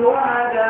شهادة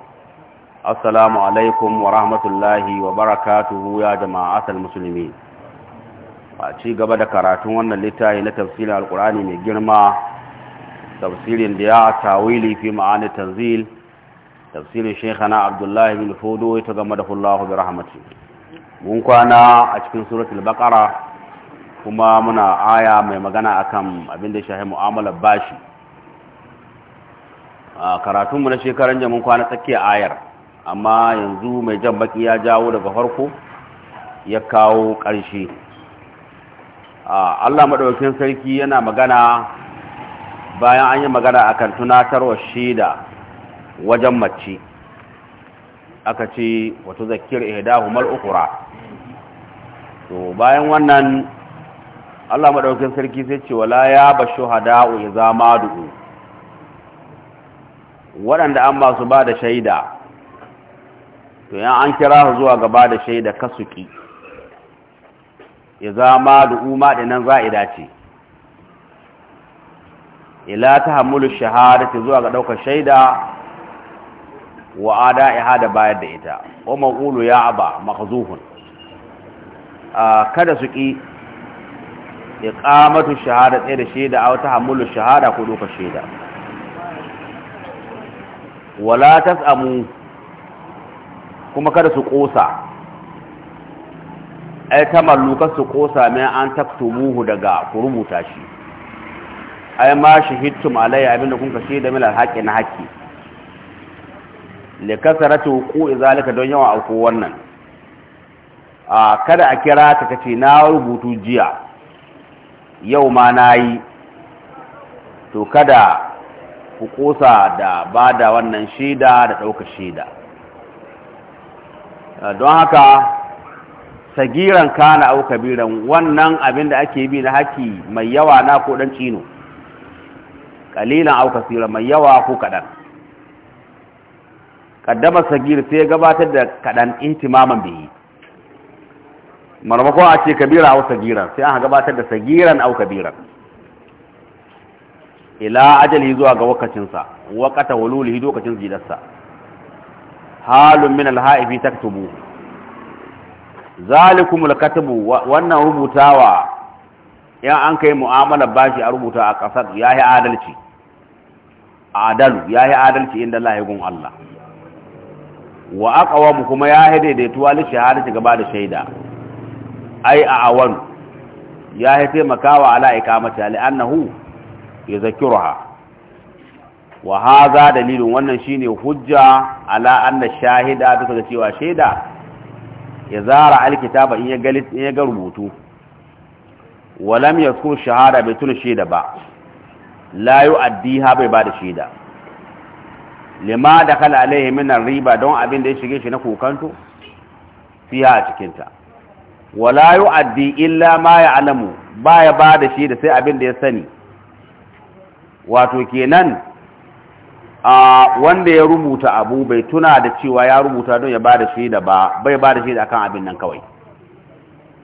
السلام wa ورحمة الله وبركاته يا جماعة musulmi. ci gaba da karatun wannan littafi na tafsirin alkurani mai girma tafsirin da ya tawili fi ma'ani tanzil tafsirin abdullahi bin fodo ita gama da hullahu bi rahmati mun kwana a cikin suratul baqara kuma muna aya mai magana akan abin da shahi mu'amalar bashi a karatunmu na shekaran jamun kwana tsakiyar ayar amma yanzu mai jan baki ya jawo daga farko ya kawo ƙarshe Allah maɗaukin sarki yana magana bayan an yi magana a akan tunatarwa shida wajen mace aka ce wato zakir ihdahu mal ukhra to bayan wannan Allah maɗaukin sarki sai ce wala ya ba hada'u idza madu waɗanda an masu ba da shaida to yan an kira su zuwa gaba da shaida kasuki ya zama da uma da nan za za'ida ce ila shahada ta zuwa ga daukar shaida wa iha da bayar da ita wa maqulu ya aba makhzuhun kada su ki iqamatu shahada tsaye da shaida aw tahammulu shahada ko dokar shaida wala tasamu kuma kada su ƙosa ai ta malluka su ƙosa mai an taktumuhu daga ku rubuta shi ai ma shahidtum alayya abinda kun kashe da milal haƙi na haƙi le kasarati wuqu'i zalika don yawan auku wannan a kada a kira ta kace na rubutu jiya yau ma nayi to kada ku ƙosa da bada wannan shaida da ɗaukar shaida don haka sagiran kana au kabiran wannan abin da ake bi na haki mai yawa na ko dan cino kalilan au kasira mai yawa ko kadan kaddama sagir sai ya gabatar da kadan intimaman bihi marmakon a ce kabira au sagiran sai an gabatar da sagiran au kabiran ila ajali zuwa ga sa wakata walulihi lokacin zidarsa halun min alha'ifi taktubu zalikumul katabu wannan rubutawa yan an kai mu'amala bashi a rubuta a kasar yayi adalci adalu yayi adalci inda Allah ya gun Allah wa aqwamu kuma yayi daidaituwa li shahadati gaba da shaida ai a awan yayi taimakawa ala iqamati li annahu yuzakkiruha wa haza dalilin wannan shine hujja ala anna shahida duka da cewa shaida ya zara alkitaba in ya ga in ya ga rubutu wa lam yazkur shahada bai tuna shaida ba la yu'addiha bai ba da shaida lima dakala alaihi min riba don abin da ya shige shi na kokanto fiha a cikin ta wala yu'addi illa ma ya'lamu baya ba da shaida sai abin da ya sani wato kenan a wanda ya rubuta abu bai tuna da cewa ya rubuta don ya ba da shaida ba bai ba da shaida akan abin nan kawai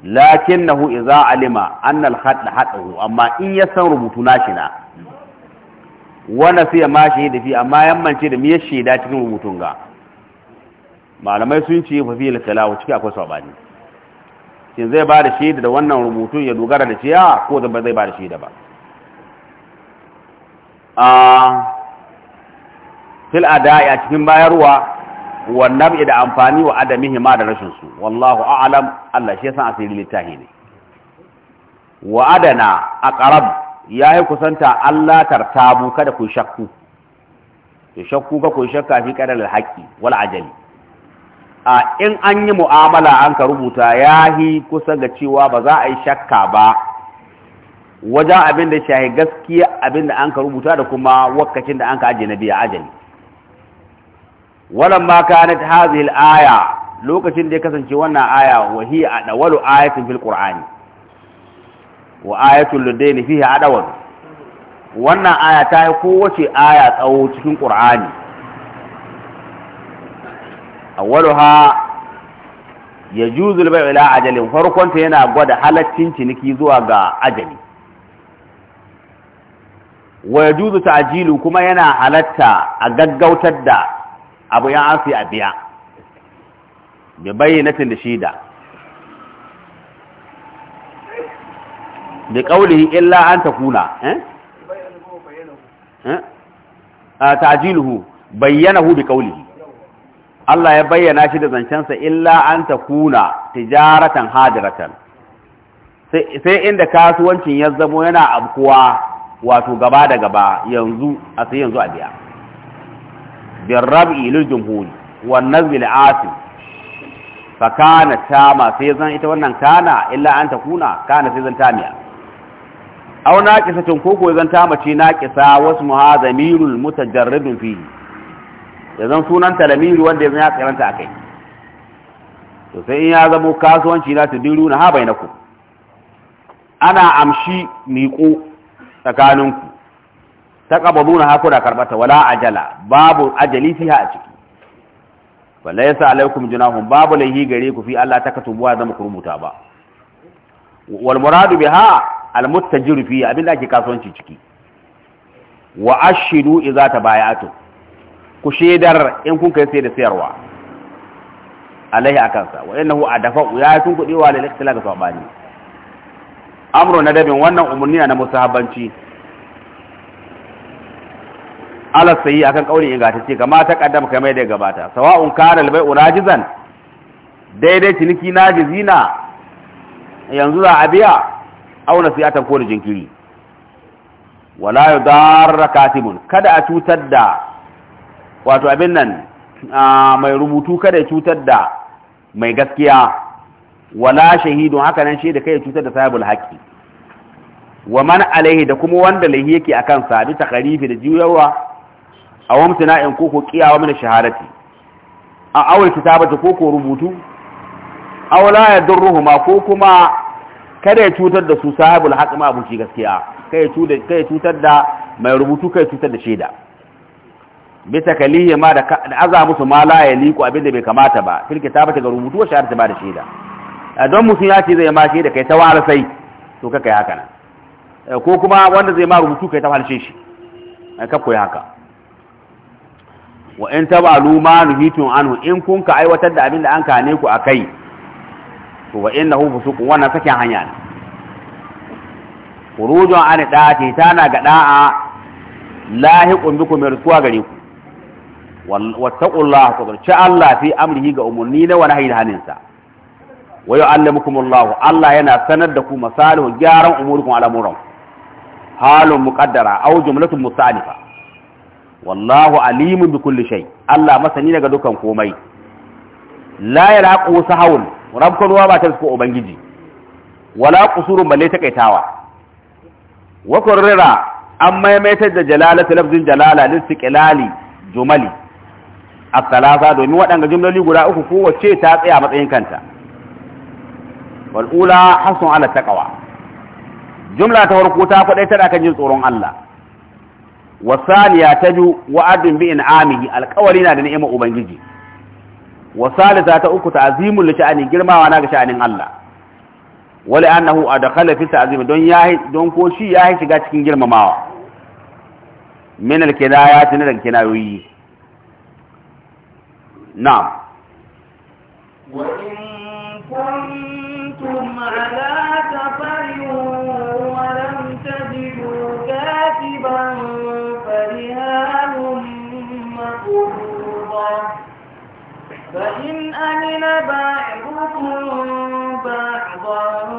lakinnahu idza alima anna al-hadd hadahu amma in ya san rubutu shi na wanda sai mashi da fi amma yammance da miyar shaida cikin rubutun ga malamai sun ce fa fil khilafu ciki akwai sabani shin zai ba da shaida da wannan rubutun ya dogara da ciya ko zai ba da shaida ba a fil adaya a cikin bayarwa wa nab'i da amfani wa adamihi ma da rashin su wallahu a'lam Allah shi yasa asiri littahi ne wa adana aqrab yayi kusanta Allah tartabu kada ku shakku ku shakku ka ku shakka fi qadar alhaqi wal ajali a in an yi mu'amala an ka rubuta yahi kusa ga cewa ba za a yi shakka ba wajen abin da shahi gaskiya abin da an ka rubuta da kuma wakacin da an ka ajiye na biya ajali ولما al aya lokacin da ya kasance wannan aya wahi a dawalu ayatin fil qur'ani wa ayatul ladaini fiha adawad wannan aya ta yi kowace aya tsawo cikin ƙur'ani awwaluha ya juzul bai ila ajalin ta yana gwada halaccin ciniki zuwa ga ajali wa ya ta'jilu kuma yana halatta a gaggautar da abu ya an a biya bi bayyanatin da shida bi qawlihi illa an takuna eh? eh a ta'jiluhu bayyanahu bi qawlihi Allah ya bayyana shi da zancensa illa an takuna tijaratan hadiratan sai inda kasuwancin ya zamo yana abkuwa wato gaba da gaba yanzu a sai yanzu a biya birrabi lil jumhuri wan nazmi lil asim fa kana tama sai zan ita wannan kana illa an takuna kana sai zan tamiya aw naqisatin ko ko zan tama ce naqisa wasu muhazamirul mutajarridun fihi yazan sunan talamiri wanda yazan ya karanta akai to sai in ya zamo kasuwanci na tudiru na ha ana amshi miƙo tsakaninku taqabuduna ha da karbata wala ajala babu ajali fiha a ciki falaysa alaikum junahum babu laihi gare ku fi Allah takatubuwa zama ku rubuta ba wal muradu biha al muttajiru fi abin da ake kasuwanci ciki wa ashidu idza tabaya'tu ku shedar in kun kai sai da sayarwa alaihi akansa wa innahu adafa ya sun kudi wa lil ikhtilaf sabani amru nadabin wannan umurniya na musahabanci ala sayi akan kaulin ce kama ta kaddam mai da gabata sawa'un kana albai urajizan daidai ciniki najizina yanzu za a biya aw nasiyatan ko da jinkiri wala yudar katibun kada a cutar da wato abin nan mai rubutu kada ya cutar da mai gaskiya wala shahidun haka nan shi da kai ya cutar da sahibul haqqi wa man alaihi da kuma wanda lahi yake akan sa bi takarifi da juyawa a wamtana in koko kiyawa mana shahadati a awal kitabata koko rubutu awla ya ruhuma ko kuma kada ya cutar da su sahibul haqq ma abuci gaskiya kai ya kai cutar da mai rubutu kai cutar da shaida bi takalihi ma da aza musu ma la ya liku abin da bai kamata ba fil kitabata ga rubutu wa shahadati ba da shaida don musu ya ce zai ma shaida kai ta wara sai to kakai haka nan ko kuma wanda zai ma rubutu kai ta halshe shi yi haka wa in tabalu ma nuhitun anhu in kun ka aiwatar da abin da an kane ku akai to wa innahu fusuqun wannan sakin hanya ne khurujun an da'ati tana ga da'a lahiqun bikum yarsuwa gare ku wattaqullaha tabarci Allah fi amrihi ga umurni na wani hayyin haninsa wa yu'allimukumullahu Allah yana sanar da ku masalihun gyaran umurukum al'amuran halun muqaddara aw jumlatun musalifa wallahu alimun bi kulli shay Allah masani daga dukan komai la yaraqu sahawun rabkun wa ba ta ubangiji wala qusurun balle takaitawa wa kurrira an maimaitar da jalalatu lafzin jalala listiqlali jumali as-salasa domin waɗanga jumloli guda uku kowace ta tsaya matsayin kanta wal ula hasun ala taqwa jumla ta farko ta faɗaitar akan jin tsoron Allah wasaniya ta biyu wa'adun bi amihi alƙawari na da ni'imar ubangiji wasalisa ta uku ta'zimul li sha'ani girmawa na ga sha'anin Allah wali annahu adkhala fi ta'zimi don yahi don ko shi yahi shiga cikin girmamawa min al-kinayat ne daga kinayoyi na'am wa in kuntum لعن بعضكم بعضا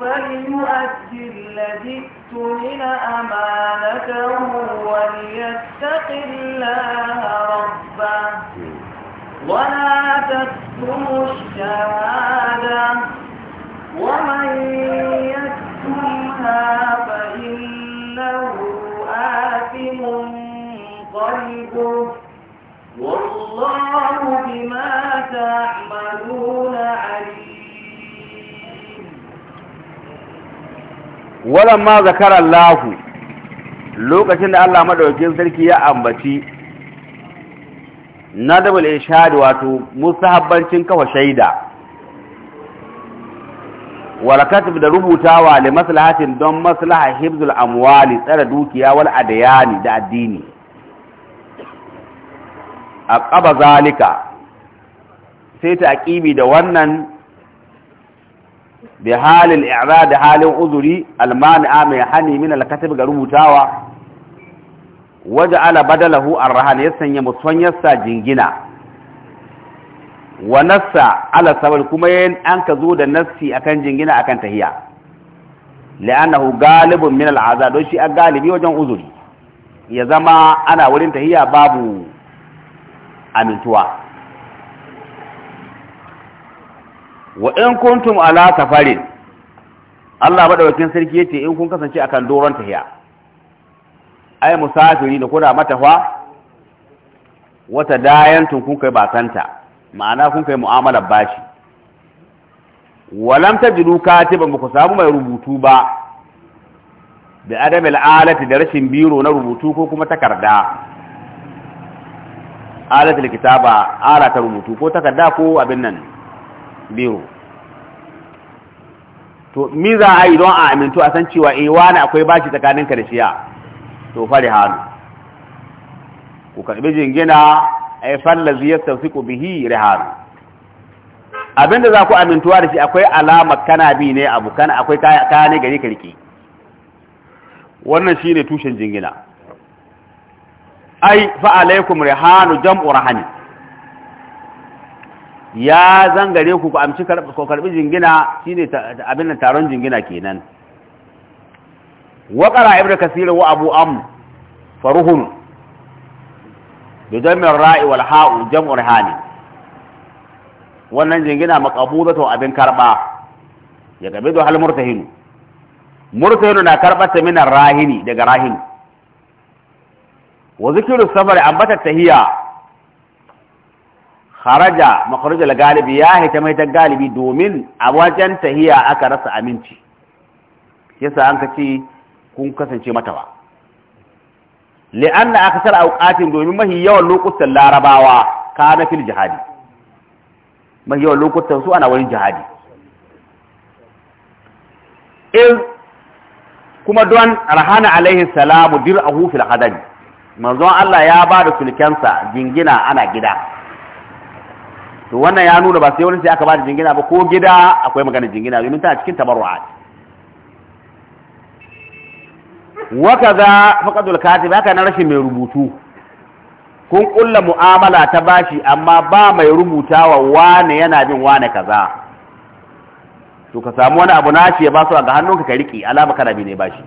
فليؤدي الذي اؤتمن أمانته وليتق الله ربه ولا تكتموا الشهادة ومن تعملون ma ولما lokacin da Allah madaukakin sarki ya ambaci nadabul ishad wato mustahabbancin kafa shaida warakat da rubutawa li maslahatin don maslaha hibzul amwali tsara dukiya wal adiyani da addini a ƙaba zalika sai ta aqibi da wannan bi halil i'ra da halin uzuri almani'a mai hani min alkatib ga rubutawa waje ala badalahu arrahan ya sanya musanyarsa jingina wa nassa ala sabar kuma yayin an ka zo da nassi akan jingina akan tahiya la'annahu galibun min al'aza don shi a galibi wajen uzuri ya zama ana wurin tahiya babu amintuwa wa in kuntum ala safarin Allah madaukakin sarki yace in kun kasance akan doron tahiya ai musafiri ne kuna matafa wata dayantun kun kai bakanta ma'ana kun kai mu'amalar bashi walam tajidu katiban ku samu mai rubutu ba bi adamil alati da rashin biro na rubutu ko kuma takarda alatul kitaba ala ta rubutu ko takarda ko abin nan biro to mi za a yi don a amintu a san cewa eh wani akwai bashi tsakanin ka da shiya to fari halu ku karbi jingina ay fallazi yastawsiqu bihi rihalu abinda za ku amintuwa da shi akwai alama kana bi ne abu kana akwai kaya ne gari karki wannan shine tushen jingina ai fa alaikum rihanu jam'u rahani ya zangare ku ku amci ko karbi jingina shine abin da taron jingina kenan wa qara ibnu kasir wa abu am faruhun bi dami ra'i wal ha'u jam'u rihani wannan jingina maqbudatu abin karba ya gabidu hal murtahinu murtahinu na ta minar rahini daga rahini wa zikru safar ambata tahiya kharaja makharajal galibi ya hita mai ta galibi domin a wajen tahiya aka rasa aminci yasa an kace kun kasance mata ba li'anna aksar awqatin domin mahi yawan lokutan larabawa kana fil jihadi mahi yawan lokutan su ana wurin jihadi in kuma don rahana alaihi salamu dir'ahu fil hadani manzon Allah ya ba da sulkensa jingina ana gida to wannan ya nuna ba sai wani sai aka ba da jingina ba ko gida akwai magana jingina domin tana cikin za faƙadul kati ba ka na rashin mai rubutu kun ƙulla mu'amala ta bashi amma ba mai rubutawa wane yana bin wane kaza to ka samu wani abu nashi ya ba su ga hannun ka riki alama kana bi ne bashi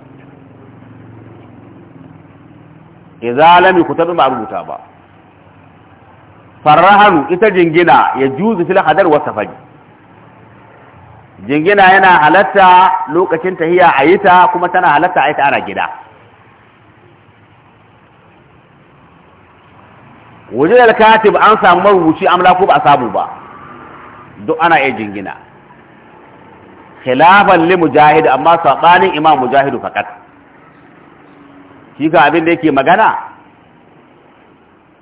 idza lam yuktab ma rubuta ba farrahanu ita jingina ya juzu fil hadar wa jingina yana halatta lokacin tahiya a yi ta kuma tana halatta a yi ta ana gida wajen alkatib an samu marubuci amla ko ba a samu ba duk ana iya jingina khilafan li mujahid amma sabanin imam mujahidu fakat shi ga abin da yake magana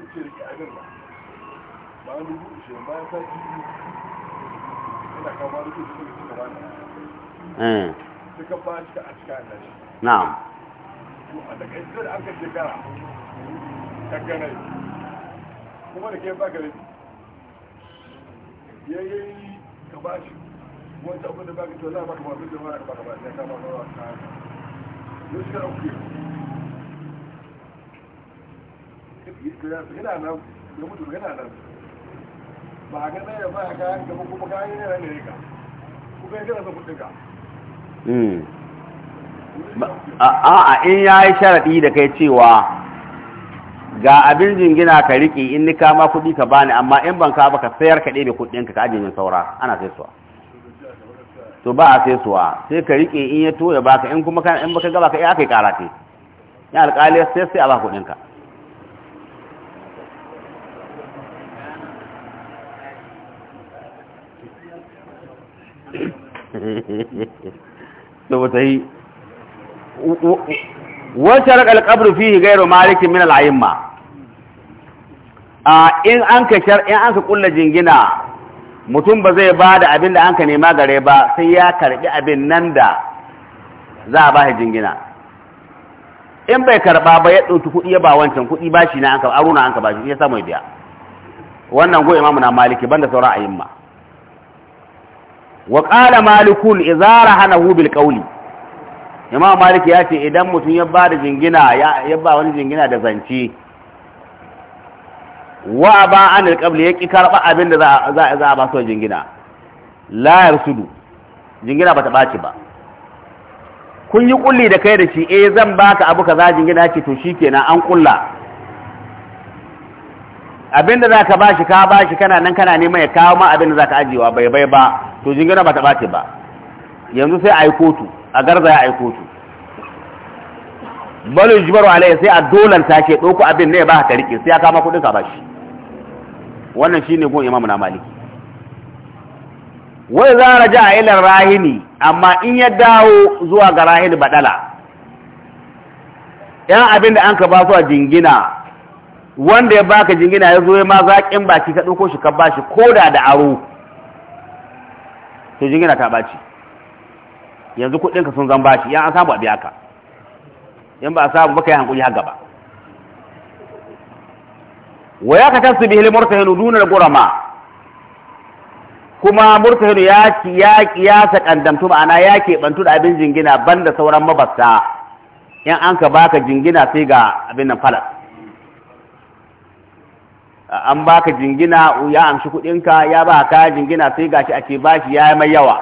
yake eh. rike da ba na ka ba ka ba ba ka ba ka ka ba ka ba ka a a'a in ya yi sharaɗi da kai cewa ga abin jingina ka riƙe in ni kama kuɗi ka bani amma in ban ka ka sayar ka ɗebe kuɗin ka ajiye min saura ana sai suwa to ba a sai suwa sai ka riƙe in ya to ya baka in kuma in baka gaba ka iya aka yi karate ya alƙali sai sai a ba kuɗin ka to yi wancan raƙa alƙabru fi gairu malikin min al'ayimma in an ka shar in an ka kulla jingina mutum ba zai ba da abin da an ka nema gare ba sai ya karɓi abin nan da za a ba shi jingina in bai karɓa ba ya ɗauki kuɗi ya ba wancan kuɗi ba shi na an ka aruna an ka ba shi ya samu ya biya wannan goyi mamuna maliki banda sauran ayimma wa ƙala malikun izara hana hubil ƙauli imam malik ya ce idan mutum ya ba da jingina ya wani jingina da zance wa ba an ya ƙi karɓa abin da za a ba su jingina layar sudu jingina ba ta ɓaci ba kun yi ƙulli da kai da shi eh zan baka abu kaza jingina ce to shi shikenan an ƙulla abinda za ka bashi ka bashi kana nan kana neman ya kawo ma abinda za ka ajiyewa bai bai ba to jingina ba ta ɓace ba yanzu sai a yi kotu a garza ya yi kotu balo jibaru alayhi sai a dolanta ke ɗauko abin ne ba ka rike sai ya kama kuɗin ka bashi wannan shine gun imamu na maliki wai za raja a ilar rahini amma in ya dawo zuwa ga rahini badala yan abin da an ka ba su a jingina wanda ya baka jingina ya zo ya ma zaƙin baki ka ɗauko shi ka bashi ko da da aro to jingina ta ɓaci yanzu kuɗinka sun zan bashi yan an samu a biya ka in ba a samu ba yi hankuli har gaba wa ya ka tasu bihil murtahinu dunar gurama kuma murtahinu ya ya sa kandamtu ma'ana ya ke bantu da abin jingina banda sauran mabasta in an ka baka jingina sai ga abin nan falas an baka jingina ya amshi kudinka ya ba ka jingina sai gashi ake bashi ya mai yawa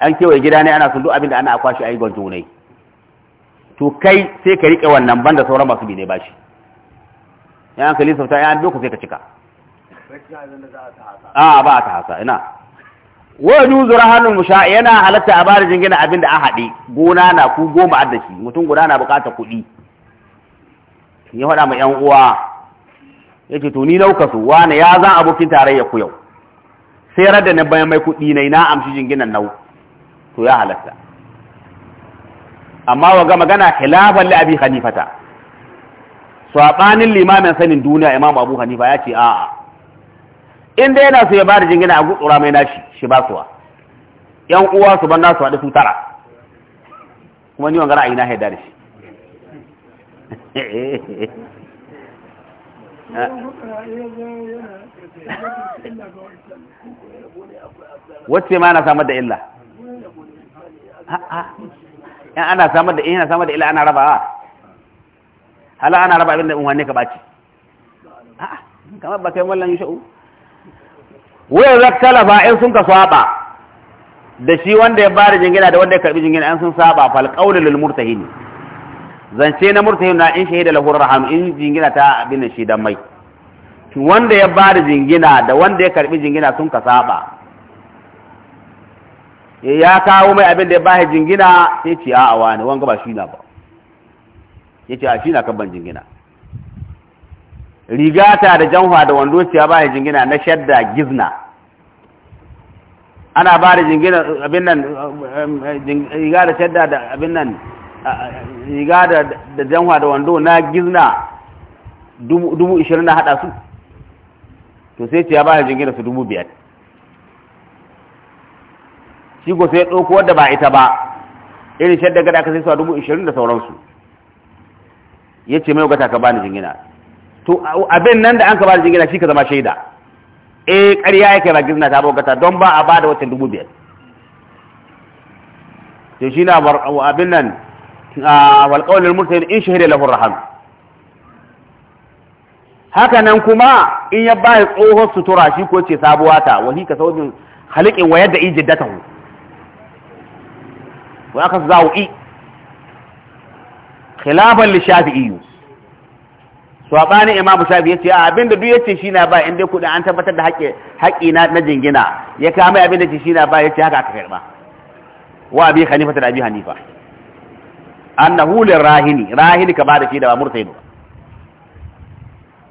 an kewaye gida ne ana sun duk abin da ana akwashi a yi gwanto ne to kai sai ka riƙe wannan banda sauran masu bi ne bashi ya an kalisa ta ya doka sai ka cika a ba ta hasa ina wa zura hannun musha yana halatta a bar jingina abin da a haɗe gona na ku goma addashi mutum guda na buƙatar kuɗi ya faɗa ma 'yan uwa yake to ni nauka su wani ya zan abokin tarayya ku yau sai radda na bayan mai kuɗi na na amshi jinginan nau to ya halatta amma waga magana khilafan li abi hanifata sabanin limamin sanin duniya imam abu hanifa ya ce a'a inda yana so ya bada jingina a gutsura mai nashi shi ba suwa yan uwa su ban nasu haɗu su tara kuma ni wangara a yi na haidar shi wacce ma ana samar da illa yan ana samar da ina samar da illa ana rabawa hala ana raba abinda unwanne ka baci kamar ba kai wallan sha'u wai zakkala in sun ka saba da shi wanda ya bari jingina da wanda ya karbi jingina an sun saba fal qawlul murtahini zance na murtahin na in shahida lahu raham in jingina ta abin shi dan mai wanda ya ba da jingina da wanda ya karbi jingina sun ka saba eh, ya kawo mai abin da ya bashi jingina sai ce a wani wanga ba shi na ba ya ce a shi na kabban jingina rigata da janhwa da wando ya bashi jingina na shadda gizna ana ba da jingina abin nan eh, eh, riga da shadda da abin nan riga da janwa da wando na gizna dubu ishirin na haɗa su to sai ce ya ba jingina su dubu biyar shi ko sai ɗauko wadda ba ita ba irin shadda gada ka sai su dubu ishirin da sauransu ya ce mai gata ka bani jingina to abin nan da an ka bani jingina shi ka zama shaida eh ƙarya yake ba gizna ta bogata don ba a ba da dubu biyar to shi na abin nan wal qawlul mursal in shahida lahu raham haka nan kuma in ya ba tsohon sutura shi ko ce sabuwa ta wahi ka sauƙin halikin wayar da ijin datahu wa aka zawu'i khilafan li shafi'i sabanin imamu shafi ce a abinda duk yace shi na ba inda kudin an tabbatar da haƙƙi na jingina ya kama abinda ce shi na ba yace haka aka karba wa abi hanifa da abi hanifa annahu lirahini rahini ka bada shi da murtaidu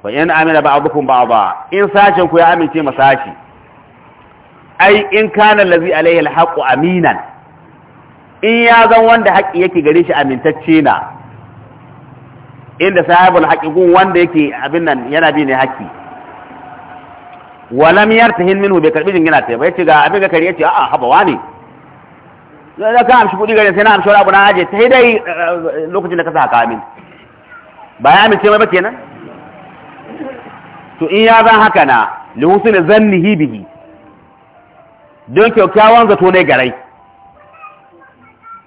fa in amina ba'dukum ba'dha in sashin ku ya amince ma masashi ai in kana allazi alaihi alhaqu aminan in ya zan wanda haƙi yake gare shi amintacce na inda sahibul haƙi gun wanda yake abin nan yana bi ne haƙi wa walam yartahin minhu bai karbi jingina ta ba ce ga abin ga kare yace a'a haba wani da ka amshi kuɗi gare sai na amshi wani abu na aje sai dai eh, eh, lokacin da ka sa kamin ba ya amince mai ba kenan to in ya zan haka na lihusin zannihi bihi don kyakkyawan zato ne garai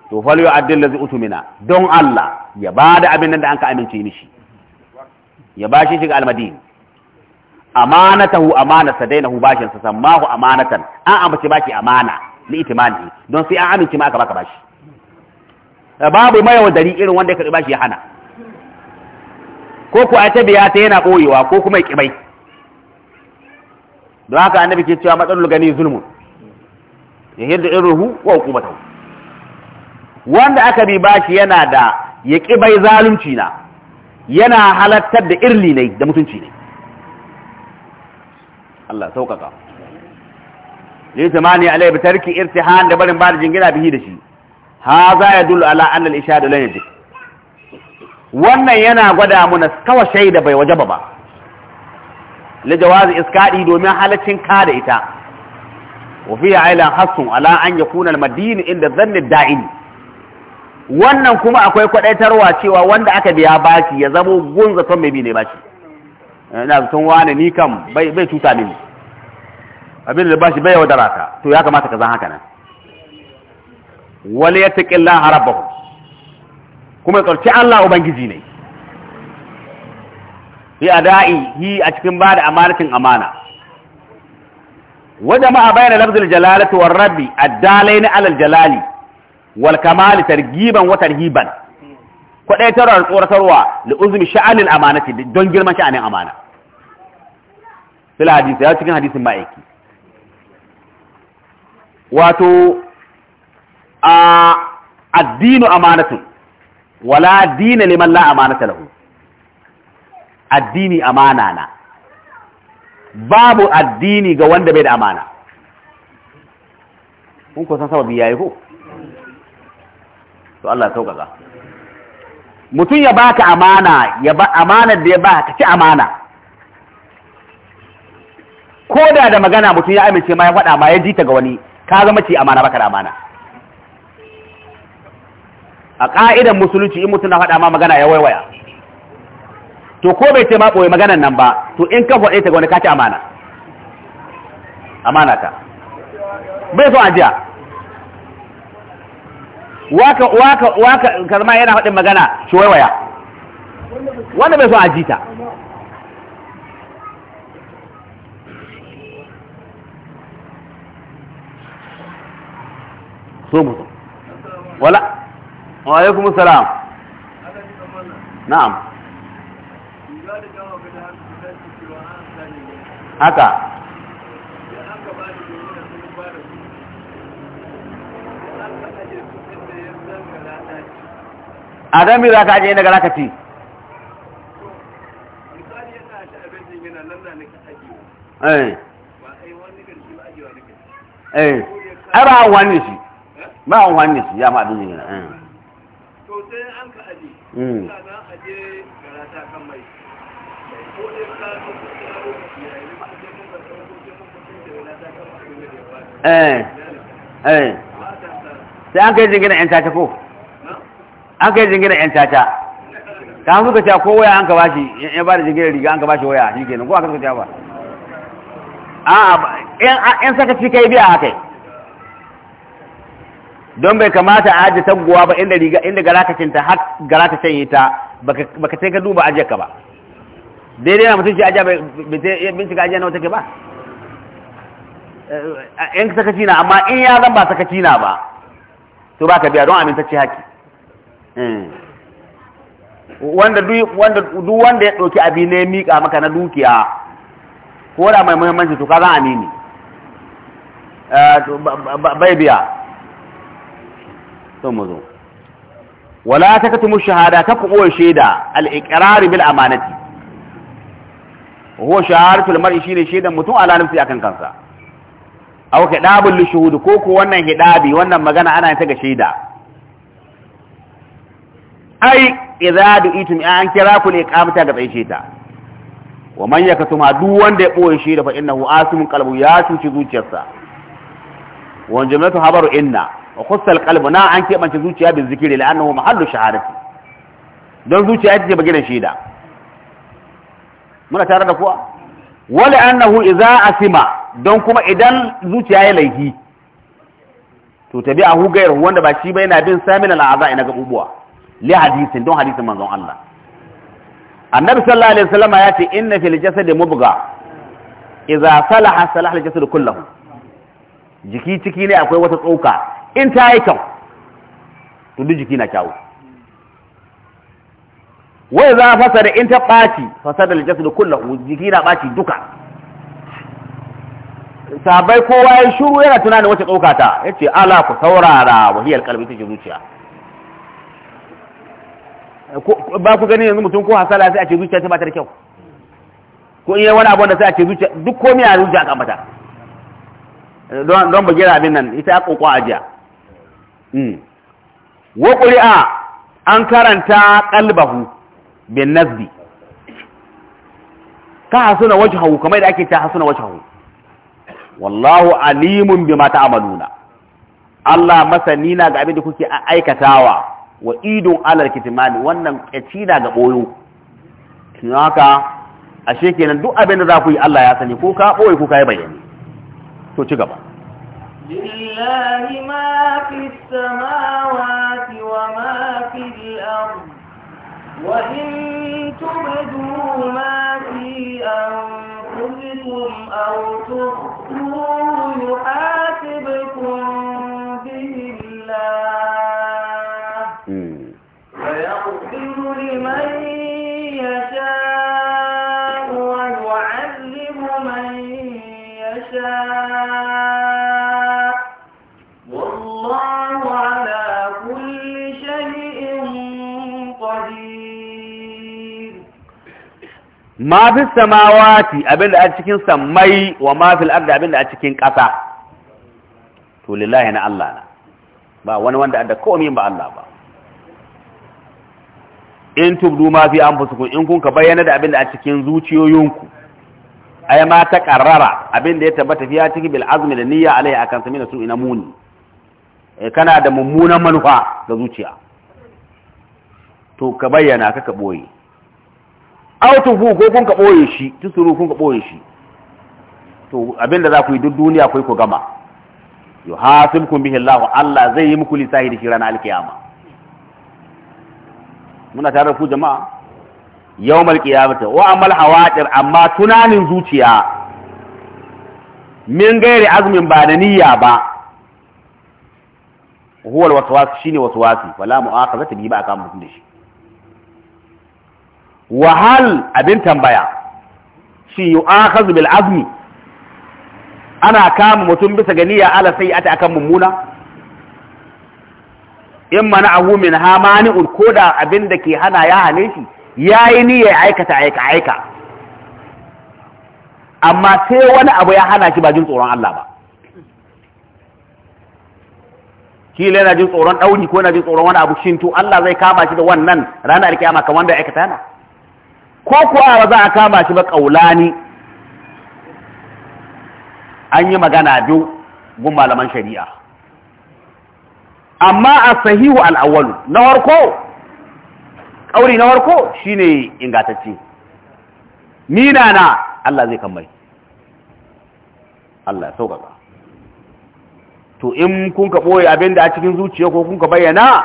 to fal yu'addil ladhi utumina don Allah ya da abin nan da an ka amince mishi ya bashi shi ga almadin amanatahu amana sadainahu bashin sa sammahu amanatan an ambace baki amana li itimani don sai an amince ma aka baka bashi babu wadari irin wanda ya bashi ya hana ko ku a ta biya ta yana koyewa ko kuma ya ƙibai don haka annabi ke cewa matsalul gani zulmun ya hidda iruhu wa hukumatahu wanda aka bi bashi yana da ya ƙibai zalunci na yana halattar da irli ne da mutunci ne Allah sauƙaƙa litamani alai bitarki irtihan da barin bada jingina bihi da shi ya yadullu ala anna al-ishhad la yajib wannan yana gwada muna kawa shaida bai wajaba ba li jawazi iskadi domin halaccin ka da ita wa fiya ailan hasun ala an yakuna al-madin inda zanni da'in wannan kuma akwai kwadaitarwa cewa wanda aka biya baki ya zamo gunzaton mai bi ne baki ina zaton wani ni kam bai bai tuta mini abin da bashi bai wadara ta to ya kamata ka zan haka nan wal yattaqillaha rabbahu kuma ya tsarci Allah ubangiji ne fi da'i hi a cikin ba da amanatin amana wa jama'a bayna lafzul jalalati war rabbi addalaini alal jalali wal kamali targiban wa tarhiban kwadaitarwa tsoratarwa li uzmi sha'anil amanati don girman sha'anin amana fil hadisi ya cikin hadisin ma'aiki wato a addinu amanatun wala dina liman la amanata lahu addini amana na babu addini ga wanda bai da amana kun kusan sababi yayi ko to Allah ya sauƙaƙa mutum ya baka amana ya ba amanar da ya baka ka ci amana ko da da magana mutum ya amince ma ya faɗa ma ya ji ga wani ka zama ci amana baka da amana a ka'idan musulunci in mutum na faɗa ma magana ya waiwaya to ko bai ce ma ɓoye maganan nan ba to in ka faɗe ta ga wani ka ci amana amana ta bai so ajiya waka waka waka karma yana faɗin magana shi waiwaya wanda bai so ta? so mu so wala wa alaikum salam na'am haka a don mi za ka ajiye daga lakaci ci eh. Eh. ai ba wani shi ba an wani su ya ma abin jini to sai an ka aje ina na aje garata kan mai ko dai ka ko eh eh sai an kai jingina yan tata ko an kai jingina yan tata ka suka ce ko waya an ka ya ba da jingina riga an ka bashi waya shi kenan ko aka suka ce ba a'a kai biya haka don bai kamata a ajiye taguwa ba inda riga inda galakacin ta har galata yi ta baka sai ka duba aje ka ba daidai na mutum shi ajiya bai bincika na nawa take ba eh, in sakaci na amma in ya zan ba sakaci na ba to ba ka biya don amintacci haki eh, wanda duk wanda ya ɗauki abin ne miƙa maka na dukiya ko da mai muhimmanci to ka zan amini eh, bai biya sun mu wala ta katimu shahada ta ku shaida al'iƙirari bil amanati huwa shaharatul mar'i shine shaidan mutum ala nafsi akan kansa aw hidabul lishuhud ko ko wannan hidabi wannan magana ana ta ga shaida ai idza du'itum an kira ku ne kamata ga tsaye ta wa man yakatuma duk wanda ya boye shaida fa innahu asimun qalbu ya cuci zuciyarsa wa jama'atu habaru inna wa khussal qalbu na an keɓance zuciya bin zikiri la'annahu mahallu shahadati don zuciya ita ce bagiran shaida muna tare da kuwa wala annahu idza asima don kuma idan zuciya ya laifi to tabi'ahu gairu wanda ba shi ba yana bin samin al'aza ina ga ubuwa li hadisin don hadisin manzon Allah annabi sallallahu alaihi wasallam ya ce inna fil jasadi mubgha idza salaha salaha al jasadu kulluhu jiki ciki ne akwai wata tsoka in ta yi kyau to duk jiki na kyawu wai za a da in ta ɓaci fasa da kulla jiki na ɓaci duka sabai kowa ya shuru yana tunanin wace ɗaukata, ya ce ala ku saurara wahiyar kalbi ta zuciya ba ku gani yanzu mutum ko hasala sai a ce zuciya ta ba ta da kyau ko in yi wani abu da sai a ce zuciya duk komai a zuciya kan mata don bagira abin nan ita ya kokwa ajiya Hmm. wa ƙuri'a an karanta ƙalbahu bin nazbi ka hasuna wajhahu kamar da ake ta hasuna hau wallahu alimun bima ta'maluna Allah masani na ga abin da kuke aikatawa wa idon ala kitmani wannan kaci na ga boyo haka ashe kenan duk abin da za ku yi Allah ya sani ko ka boye ko ka yi bayani to ci gaba لله ما في السماوات وما في الأرض وإن تبدوا ما في أنفسكم أو تخفوه يحاسبكم ma fi samawati abinda a cikin sammai wa ma fi al'adda abinda a cikin ƙasa to lillahi na Allah na ba wani wanda adda komai ba Allah ba in tubdu ma fi anfusikum in kun ka bayyana da abinda a cikin zuciyoyinku ai ma ta karrara abinda ya tabbata fiya ciki bil azmi da niyya alai akan samina su ina muni eh, kana da mummunan manufa ga zuciya to ka bayyana ka ka boye autuhu ko kun ka ɓoye shi tusuru kun ka ɓoye shi to abinda za ku yi duk duniya kai ku gama yo kun bihi Allah Allah zai yi muku lisahi da shi ranar alkiyama muna tare da ku jama'a yawmal qiyamati wa amal hawatir amma tunanin zuciya min gairi azumin ba da niyya ba huwa alwaswas shine waswasi wala mu'akhazata bi ba aka mutum da shi wahal abin tambaya shi yu'akhadhu bil azmi ana kama mutum bisa ga niyya ala sayyi'ati akan mummuna in mana abu min ko da abin da ke hana ya hane shi yayi niyya aikata aika aika amma sai wani abu ya hana shi ba jin tsoron Allah ba kila yana jin tsoron ɗauri ko yana jin tsoron wani abu shin to Allah zai kama shi da wannan ranar kiyama kamar da aikata na ko kuwa ba za a kama shi ba ƙaulani an yi magana biyu gun malaman shari'a amma a sahihu al'awalu na warko, ƙauri na warko shi ne ingatacce nina na Allah zai kammai Allah ya sauƙaƙa to in kun ka ɓoye abin da a cikin zuciya ko kun ka bayyana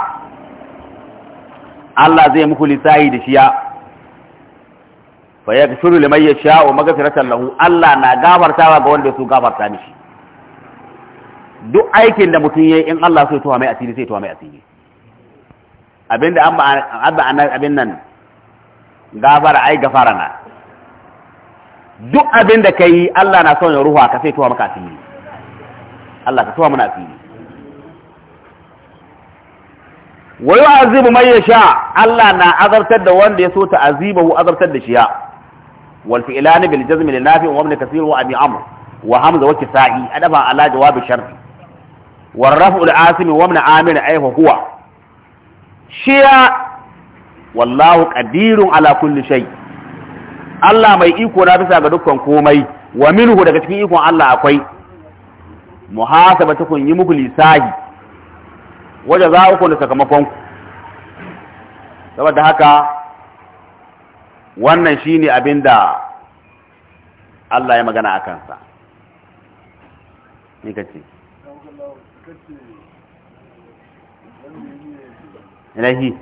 Allah zai muku lissahi da shiya fa yaghfiru liman yasha'u maghfiratan lahu Allah na gafartawa ga wanda su gafarta mishi duk aikin da mutum yayi in Allah sai tuwa mai asiri sai tuwa mai asiri abinda ba abba abin nan gafara ai gafara na duk abinda kai Allah na son ya ruha ka sai tuwa maka asiri Allah ka tuwa mana asiri wa yu'azibu man yasha Allah na azartar da wanda ya so ta azibahu azartar da shi ya والفئلان بالجزم لنافع وابن كثير وابي عمرو وحمزه وكسائي ادفع على جواب الشرط والرفع العاصم وابن عامر اي هو شيا والله قدير على كل شيء Allah mai iko na bisa ga dukkan komai wa daga cikin ikon Allah akwai muhasaba kun yi muku lisahi wajen za ku da sakamakon ku saboda haka wannan shi ne abin da Allah ya magana a kansa ni ilahi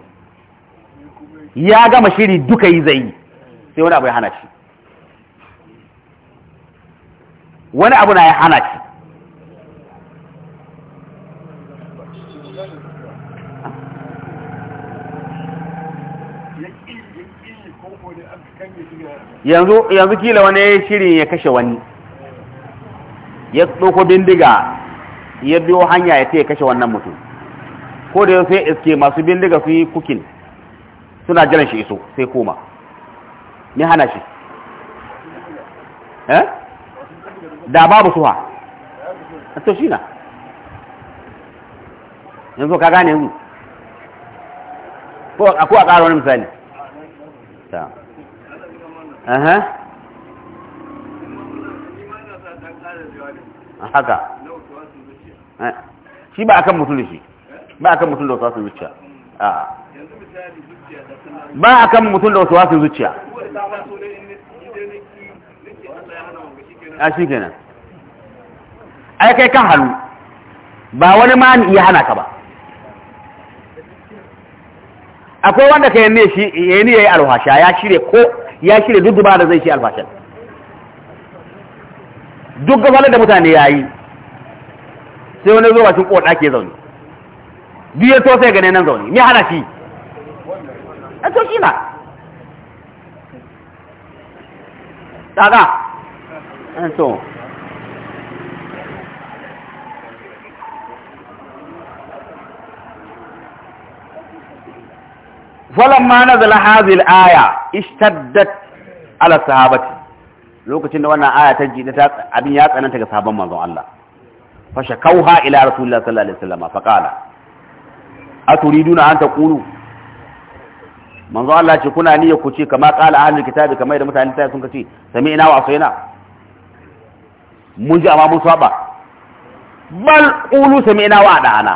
ya gama shiri duka yi zai sai wani abu ya hana shi wani abu na ya hana shi yanzu yanzu kila wani ya shirin ya kashe wani ya tsoko bindiga ya biyo hanya ya ce ya kashe wannan mutum ko da yau sai iske masu bindiga su yi kukin suna jiran shi iso sai koma ni hana shi eh da babu suha to shi na yanzu ka gane yanzu ko a ƙara wani misali aha haka eh. shi ba akan mutum da shi ba a kan mutum da wasu zuciya ba a kan mutum da wasu zuciya a shi kenan ai kai kan hannu ba wani ma ya hana ka ba akwai wanda ka yi ne shi ya yi alwasha ya shirya ko ya shirya duk duba da zai shi alfashin duk gafalar da mutane ya yi sai wani zuwa cikin kowa ke zaune duk ya sai gane nan zaune ni hana shi a to shi na tsada an so فلما نزل هذه الآية ishtaddat ala sahabati lokacin da wannan aya ta jida ta abin ya tsananta ga sahabban manzon Allah fa shakauha ila rasulullah sallallahu alaihi wasallam fa qala aturiduna an taqulu manzon Allah ce kuna niyya ku ce kamar qala ahlul kitabi kamar da mutane tayi sun kace sami'na wa asaina mun ji amma mun saba bal qulu sami'na wa da'ana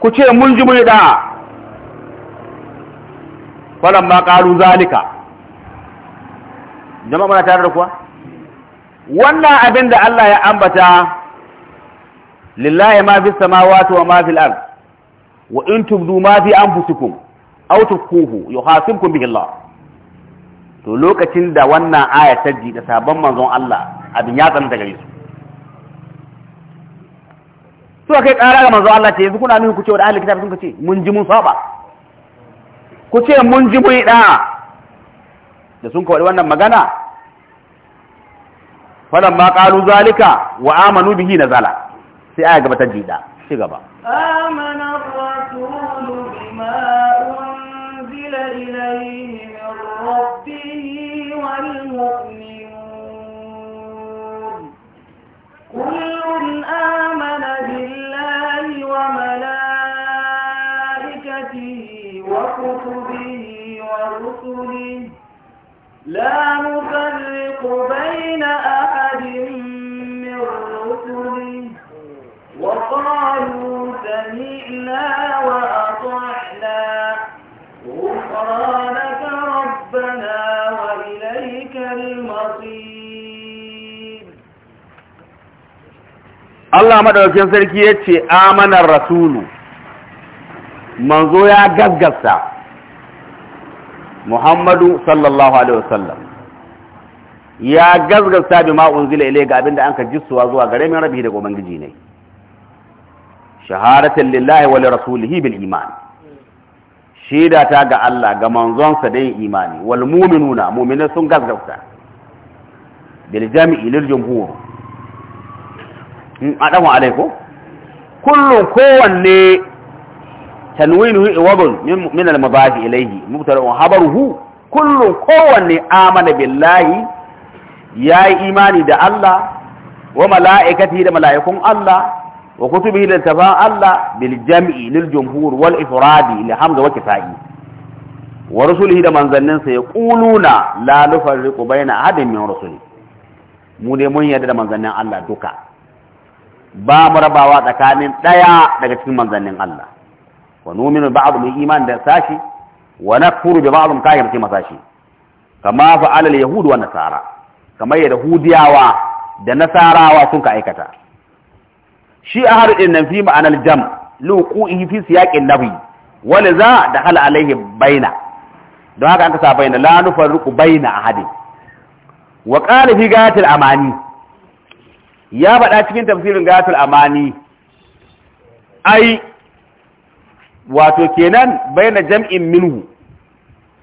ku ce mun ji mun da falan ma ƙaru zalika jama'a mana tare da kuwa wannan abin da Allah ya ambata lillahi ma fi samawati wa ma fil ard wa in tubdu ma fi anfusikum aw tukhuhu yuhasibkum bihi Allah to lokacin da wannan aya ta ji da sabon manzon Allah abin ya tsananta gare su suka kai kara ga manzon Allah ce yanzu kuna nuna ku cewa da ahli kitab sun kace mun ji mun saba ku ce mun ji mun da da sun kawai wannan magana falan ma qalu zalika wa amanu bihi nazala sai aya gaba ta jida ci gaba amana rasulu bima unzila wa malaikatihi وكتبه ورسله لا نفرق بين أحد من رسله وقالوا سمعنا وأطعنا غفرانك ربنا وإليك المصير الله مدعوكين سلكي يتشي آمن الرسول manzo ya gaggasta muhammadu sallallahu alaihi wasallam ya gaggasta bi ma'un zila ile ga abinda an ka jissuwa zuwa gare min rabi daga ubangiji ne shahadatan lillahi wa rasulihi bil iman shaida ta ga Allah ga manzonsa dai yin imani wal mu'minuna mu'minai sun gaggasta bil jami'i lil jumhur in adamu alaikum kullum kowanne tanwinuhu iwadun min al-mabahi ilayhi mubtara'un habaruhu Kullum kowanne amana billahi yayi imani da Allah wa mala'ikatihi da mala'ikun Allah wa kutubihi da Allah bil jam'i lil jumhur wal ifradi li hamza wa kitai wa rusulihi da manzanninsa yaquluna la nufarriqu baina hadin min rusuli mu ne mun yarda da manzannin Allah duka ba mu rabawa tsakanin ɗaya daga cikin manzanin Allah wa nu'minu ba'd mu iman da sashi wa nakfuru bi ba'd kafir ce masashi kama fa'ala wa nasara Kama yadda da nasarawa sun ka aikata shi a har din nan fi ma'anar jam luquhi fi siyaqin nafi Wani za da hal alaihi baina don haka an ka sa baina la nufarriqu baina ahadin wa qala fi gatil amani ya faɗa cikin tafsirin gatul amani ai wato kenan baina jam'in minhu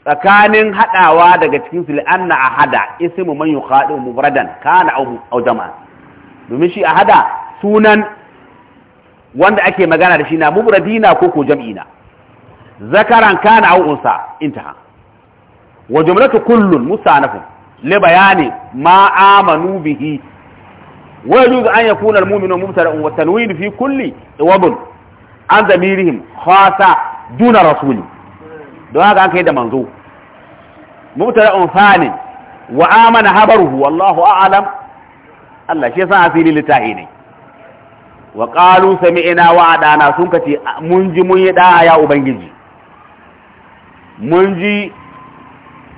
tsakanin hadawa daga cikin su li'anna ahada ismu man yukhadu mufradan kana aw jama'a domin shi ahada sunan wanda ake magana da shi na mubradina ko ko jam'ina zakaran kana aw unsa intaha wa jumlatu kullun musanafu li bayani ma amanu bihi wa yujuzu an yakuna al-mu'minu mubtada'un wa tanwin fi kulli wadun an zamirihim khasa duna rasuli don haka an kai da manzo mubtada'un thani wa amana habaruhu wallahu a'lam Allah shi yasa asili litahi ne wa qalu sami'na wa adana sun kace mun ji mun yi da ya ubangiji mun ji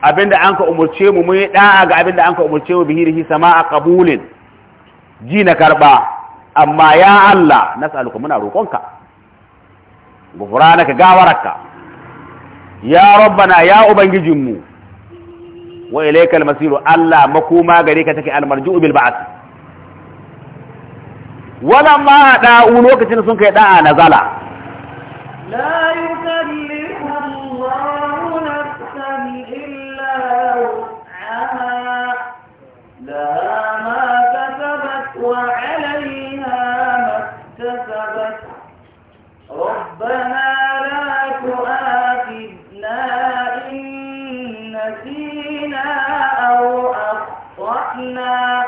abinda an ka umurce mu mun yi da ga abinda an ka umurce mu bihi sama'a qabulin ji na karba amma ya Allah nas'aluka muna roƙonka غفرانك غاورك يا ربنا يا أبنججم وإليك المسير ألا مكوما غريكا تكي المرجوء بالبعث ولما داؤون وقت نسنك داء نزالا لا يكلف الله نفسا إلا وسعها لها ما كسبت وعليها ما اكتسبت ربنا لا تؤاخذنا إن نسينا أو أخطأنا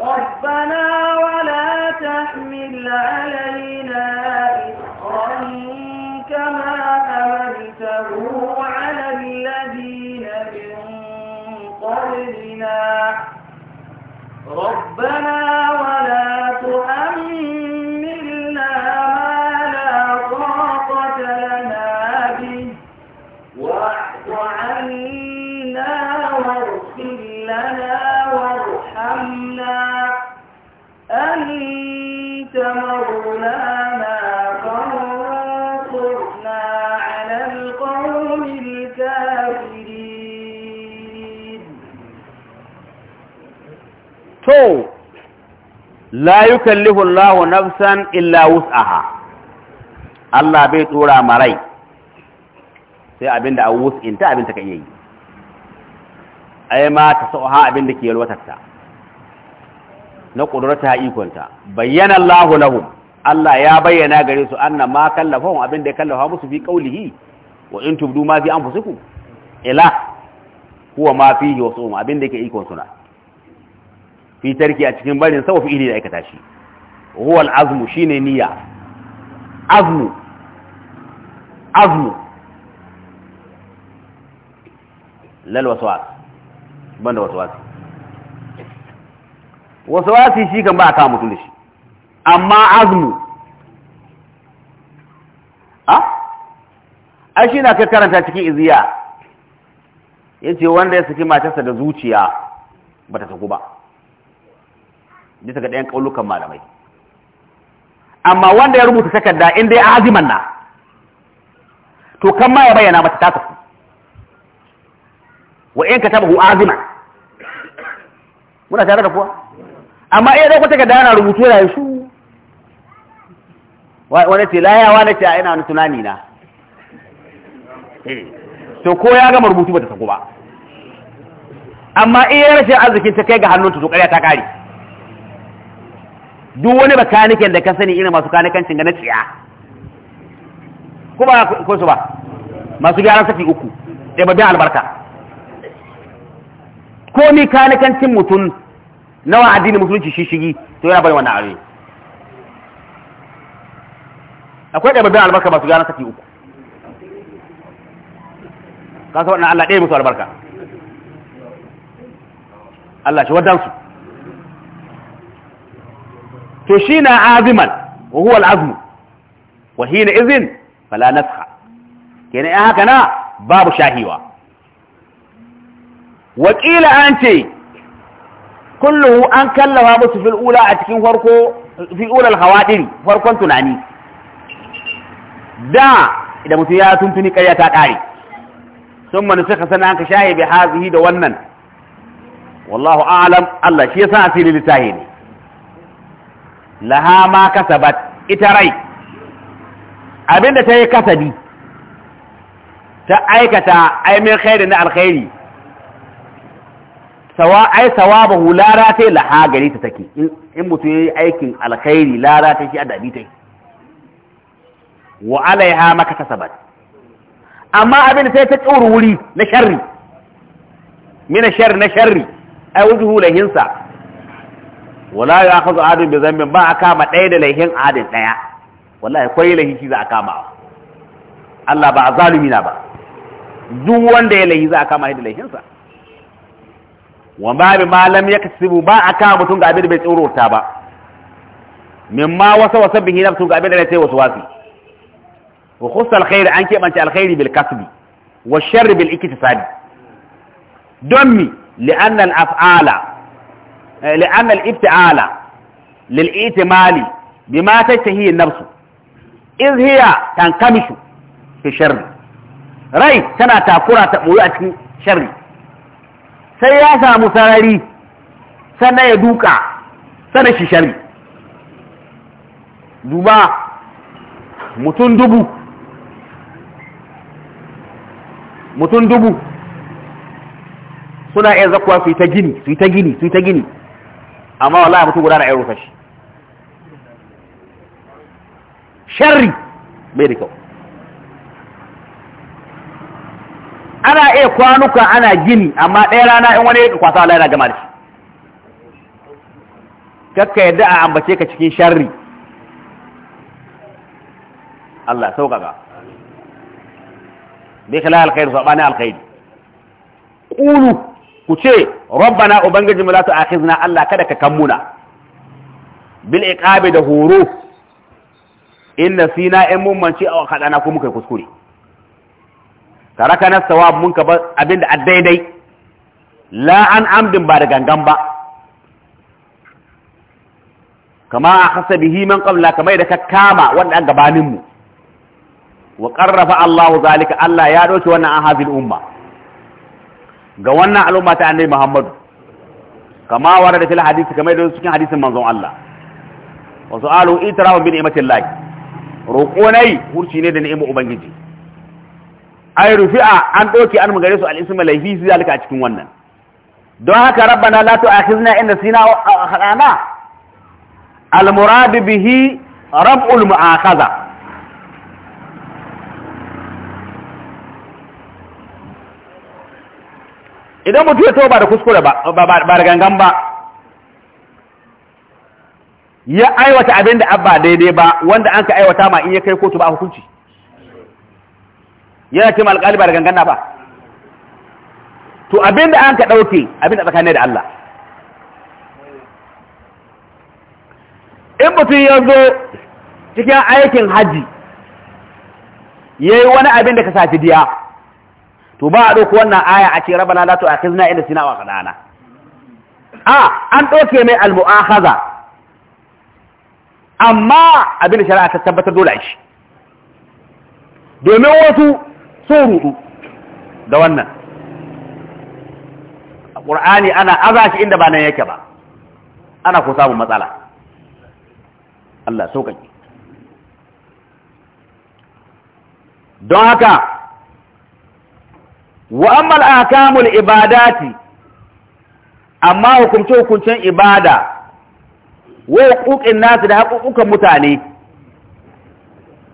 ربنا ولا تحمل علينا إصرا كما حملته على الذين من قبلنا ربنا ولا تحمل بنا ما لا طاقة لنا la yukallifu Allahu nafsan illa wus'aha Allah bai tsora marai sai abinda a ta abin ta kan yi ai ma ta sauha abin da ke yalwatarta na kudurta ikonta bayyana Allahu lahum Allah ya bayyana gare su anna ma kallafahum abin da ya kallafa musu fi qaulihi wa in tubdu ma fi anfusikum ila kuwa ma fi fihi wasum abin da ke ikon suna fi tarki a cikin barin sa wa fi'ili da aikata shi huwal azmu shine niyya azmu azmu lal waswas banda waswas waswas shi kan ba a mutun da shi amma azmu a ai shi na kai karanta cikin iziya yace wanda ya saki matarsa da zuciya bata saku ba bisa ga ɗayan ƙaulukan malamai amma wanda ya rubuta takarda in dai aziman na to kan ma ya bayyana mata ta tafi wa in ku aziman, muna tare da kuwa amma iya dai takarda yana rubutu yana shi wani ce laya wani ce a ina wani tunani na eh, to ko ya gama rubutu ba ta sako ba amma iya rashin arzikin ta kai ga hannunta to ƙarya ta ƙare duk wani ba kanikin da ka sani irin masu kanikancin ga na tsiya ko ba ko su ba masu gyaran saki uku da babban albarka ko mi kanikancin mutum nawa addini musulunci shi shigi to yana bai wannan aure akwai da babban albarka masu gyaran saki uku kasa wannan Allah ɗaya musu albarka Allah shi wadansu تشينا عازما وهو العزم وحين إذن فلا نسخ كنا إيه هكنا باب شاهيوة وقيل أنت كله أن لها بس في الأولى أتكين فرقه في أولى الخواتر أنتو تناني دا إذا متيات تني كريا تاكاري ثم نسخة سنة أنك شاهي بهذه دوانا والله أعلم الله شيء سأسير لتاهيني laha ma kasabat ita rai abinda ta yi kasabi ta aikata aimin khairi na alkhairi sawa ai sawabahu lara ta laha gari ta take in mutum yi aikin alkhairi lara ta shi adabi ta yi wa alaiha ma kasabat amma abinda sai ta tsoro wuri na sharri mina sharri na sharri ai wujuhu lahinsa wala ya akhadhu adin bi zambin ba a kama ɗaya da laihin adin ɗaya wallahi koyi laihi shi za a kama Allah ba a zalumi na ba duk wanda ya laihi za a kama da laihinsa wa ma bi malam yakasibu ba a kama mutum ga abin da bai tsorota ba min mimma wasa wasa bihi nafsu ga abin da ya wasu wasi wa khussa alkhair an kebance alkhairi bil kasbi wa sharri bil iktisabi don mi li'anna al af'ala لأن الابتعال للإيتمال بما تشتهي النفس إذ هي تنكمش في الشر rai tana takura ta ɓoyi a cikin sharri sai ya samu sarari sannan ya duka sannan shi duba mutum dubu suna iya zakuwa su yi ta gini su yi ta gini su yi ta gini amma wallahi mutum guda na yan rufa shi sharri bai da kyau ana iya kwanuka ana gini amma ɗaya rana in wani ya kwasa wallahi na gama da shi kakka yadda a ambace ka cikin sharri Allah sauƙaƙa bai kala alkhairu saɓanin alkhairu ƙulu ku ce rabbana ubangiji mu ake zina, Allah kada ka kammuna bil iqabi da horo inna sina in mun mance a hadana ko muka kuskure taraka na sawab mun ka abinda a daidai la an amdin ba da gangan ba kama a hasa bihi man qabla kamar da ka kama wanda an gabanin mu wa qarrafa Allahu zalika Allah ya doce wannan an hazil umma ga wannan al'umma ta annabi Muhammadu kama warada fil hadisi kamar da cikin hadisin manzon Allah wa su'alu itirafu bi ni'matillahi nai hurci ne da ni'imar ubangiji ai rufi'a an doke an magare su al-ismu laifi su zalika a cikin wannan don haka rabbana la tu'akhizna in nasina aw akhtana al-murad bihi rab'ul mu'akhadha idan mutum ya tauba da kuskure ba ba da gangan ba ya aiwata abin da abba daidai ba wanda an ka aiwata ma in ya kai kotu ba hukunci yana ce alƙali ba da gangan na ba to abin da an ka ɗauke abin da tsakanin da Allah in mutum ya zo cikin aikin haji ya yi wani abin da ka safi diya to ba a ɗauki wannan aya a ce rabana la tu'akhizna in sina wa qadana a an ɗauke mai al-mu'akhaza amma abin da shari'a ta tabbatar dole shi domin wasu sun rudu da wannan ƙur'ani ana aza shi inda ba nan yake ba ana ko samun matsala Allah sauƙaƙi don haka wa ammal akamul ibadati amma hukunce hukuncen ibada wa hukukin nasu da hukukan mutane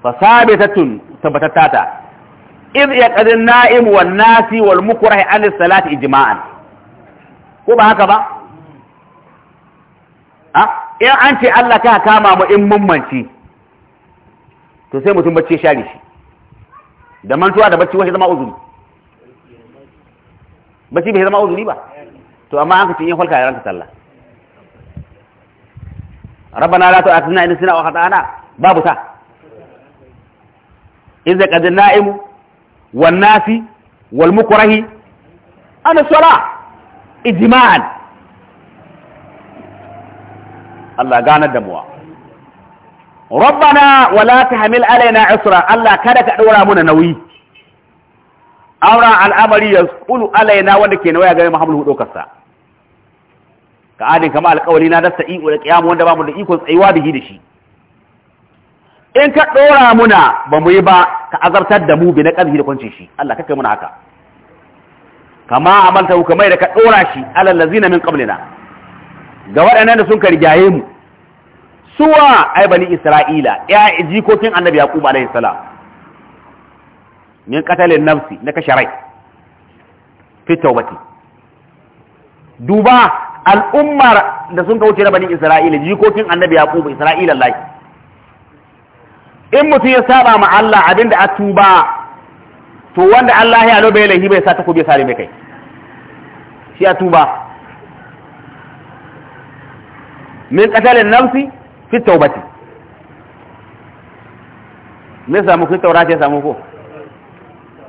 fa sabitatun tabbatata iz ya qadin naim wan nasi wal mukrah an salati ijma'an ko ba haka ba a in an ce Allah ka kama mu in mummanci to sai mutum bacci share shi da mantuwa da bacci wani zama uzuri bacci bai zama uzuri ba to amma an ka cinye falka yaranka sallah rabbana la tu'akhidna in sina wa khata'na babu ta idza qad na'imu wan nasi wal mukrahi ana sala ijma'an Allah ganar da muwa rabbana wala tahmil alaina usra Allah kada ka dora muna nauyi aura al'amari ya kulu alaina wanda ke nawaya gare muhammadu dokarsa ka adin kama alƙawari na dasta iko da kiyamu wanda bamu da iko, tsayuwa da da shi in ka dora muna ba mu yi ba ka azartar da mu bi na ƙarfi da kwanci shi Allah ka kai muna haka kama amalta ku kamar da ka dora shi alal lazina min qablina ga waɗannan da sun karjaye mu suwa ai bani isra'ila ya jikokin annabi yaqub alaihi salam min قتل النفس na شرعي rai التوبة دوبا duba al'ummar da sun إسرائيل na banin isra'ila jikokin annabi yaqub isra'ila in mutum ya saba ma Allah abinda a tuba to wanda Allah ya lobe lahi bai sa ta kube sare mai kai shi a tuba min qatalin nafsi fi me samu ku samu ko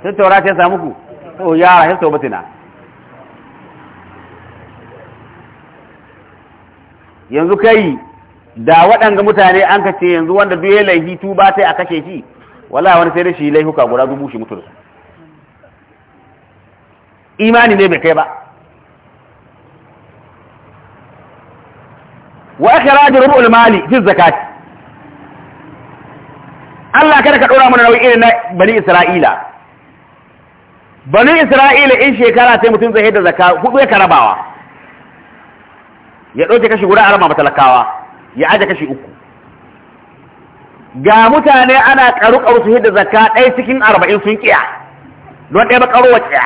sai taura ya samu ku to ya ya na yanzu kai da waɗanga mutane an ka ce yanzu wanda duk ya laifi tuba sai a kashe shi wala wani sai da shi laifuka guda dubu shi mutu da su imani ne bai kai ba wa akhraj rubul mali fi zakat Allah kada ka dora mana nauyi irin na bani Isra'ila bani isra'ila in shekara sai mutum zai da zaka hudu ya karabawa ya ɗauke kashi guda arama matalakawa ya aje kashi uku ga mutane ana karu karu su hidda zaka ɗaya cikin arba'in sun kiya don ɗaya ba karo wa kiya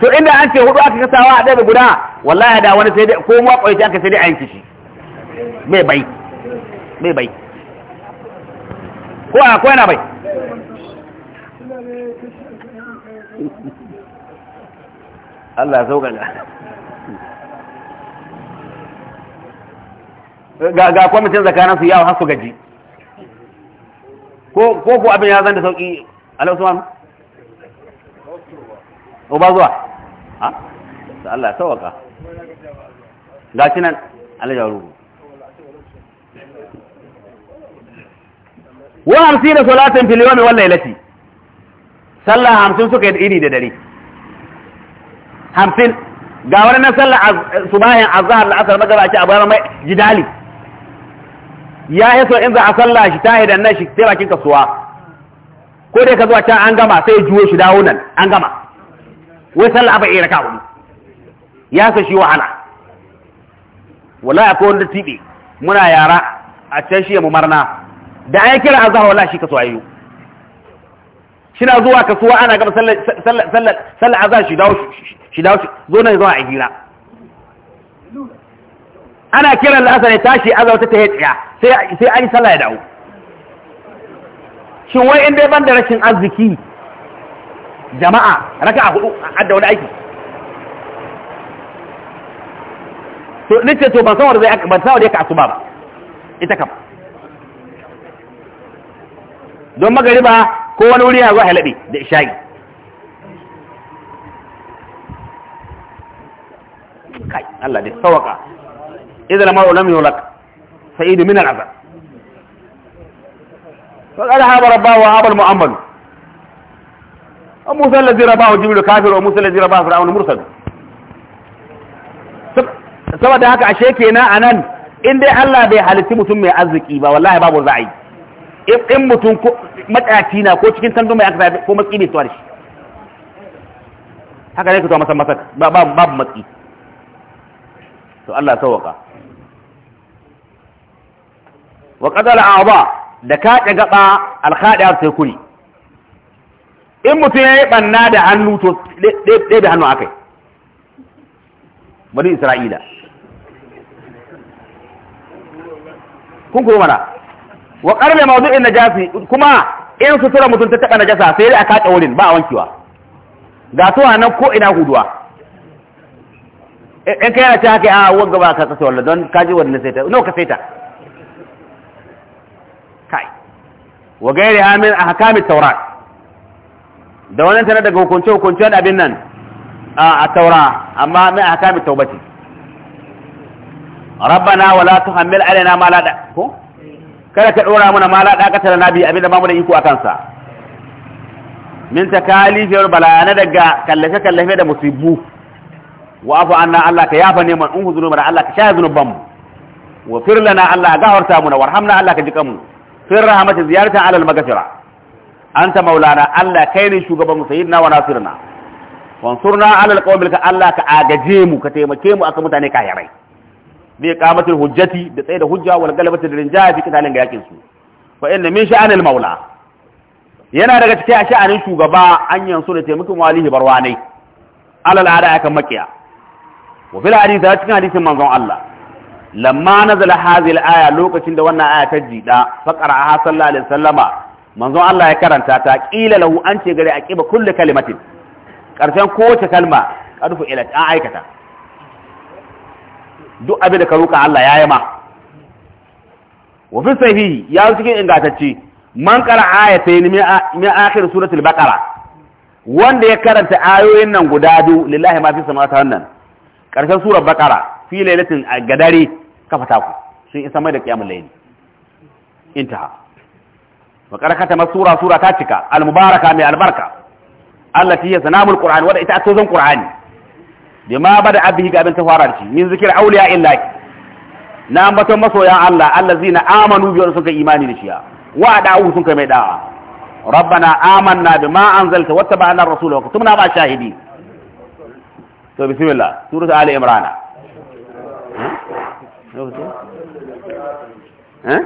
to inda an ce hudu aka kasawa a ɗaya guda wallahi da wani sai dai ko mu akwai aka sai dai a yanki shi mai bai mai bai ko akwai bai Allah sauƙaƙa ga kwamitin zakaransu yawo har su gaji ko ko abin ya zanta sauƙi alausman o ba zuwa ha da Allah sauƙa ga shi nan alajaru wa hamsina salatin fil yawmi wal lailati sallah hamsin suka yi iri da dare hamsin ga wani na sallah subahin azhar la'asar magaba a ce mai jidali ya yi so in za a sallah shi ta hidan nan shi sai bakin kasuwa ko dai ka zuwa can an gama sai juwo shi dawo nan an gama wai sallah abu iya raka wani ya sa shi wahala wallahi akwai wanda tibe muna yara a can shi ya mu marna da an kira azhar wallahi shi kasuwa yau shina zuwa kasuwa ana gaba sallar azan shi dawo shi zo nan zuwa a hira ana kiran la'asar ya tashi azan wata ta hetsiya sai an yi sallah ya dawo shin wai in dai ban da rashin arziki jama'a raka a hudu hada wani aiki to nace to ban san wanda zai asuba ba ita kam don magariba ko wani wuri na a halabe da isha'i kai Allah dai sawaka ulam yulak min fa qala haba wa haba al-mu'ammal jibril kafir wa musa fir'aun mursal saboda haka ashe kenan anan in dai Allah bai halitti mutum mai arziki ba wallahi babu za'i in mutum matsayaci na ko cikin tandu mai aka zaɓi ko matsi bai tsawar shi haka ne ka tuwa masan masar babu matsi to Allah sauwaka wa ƙazar a'aba da kaɗe gaba alkaɗiyar sai kuri in mutum ya yi ɓanna da hannu to ɗaya da hannu akai bani isra'ila kun kuro mana wa karne mawdu'in najasi kuma in sutura mutum ta taba najasa sai dai a ta wurin ba a wankewa ga to nan ko ina huduwa in kai yana ta haka a ah, wanga ba ka kasa wallah don kaji wannan sai ta no ka sai ta kai wa gairi amin a tawrat da wannan tana daga hukunce hukuncen abin nan a taura amma mai a tawbati taubati ولا wala علينا ما لا la da kada ka dora mana mala da aka na bi abinda ba mu da iko a kansa min takalifiyar balana daga kallafe kallafe da musibu wa afu anna Allah ka yafa neman in huzuru mana Allah ka sha zunuban mu wa fir lana Allah ga gafarta mu warhamna Allah ka jika mu fir rahmati ziyaratan alal magfira anta maulana Allah kai ne shugaban mu sayyidina wa nasirna wansurna alal qawmil ka Allah ka agaje mu ka taimake mu akan mutane ka kahirai bi iqamatil hujjati da tsaye da hujja wal galabati da rinjaya fi kitalin ga yakin su fa inna min sha'anil maula yana daga cikin sha'anin shugaba an yanzu da taimakon walihi barwanai alal ada akan makiya wa fil hadith da cikin hadisin manzon Allah lamma nazala hadhihi al-aya lokacin da wannan aya ta jida fa qara'a sallallahu alaihi wasallama manzon Allah ya karanta ta qila lahu an ce gare aqiba kulli kalimatin karshen kowace kalma qad fu'ilat an aikata duk abin da ka roƙa Allah ya yi ma wa sahihi ya yi cikin ingantacce man qara ayatayn min akhir suratul baqara wanda ya karanta ayoyin nan guda biyu lillahi ma fi samawati wannan karshen surar baqara fi lailatin gadare kafa fata ku sun isa mai da qiyamul layli intaha wa qarakata masura sura ta cika al mubaraka mai albarka allati hiya sanamul qur'an wanda ita atozon qur'ani bima bada abihi ga abin ta fara da shi min zikir auliya illahi na ambaton masoyan Allah allazina amanu bi sun kai imani da shi wa da'u sun kai mai da'a rabbana amanna bima anzalta wattaba'na ar-rasul wa kunna ma shahidi to bismillah surah ali imran eh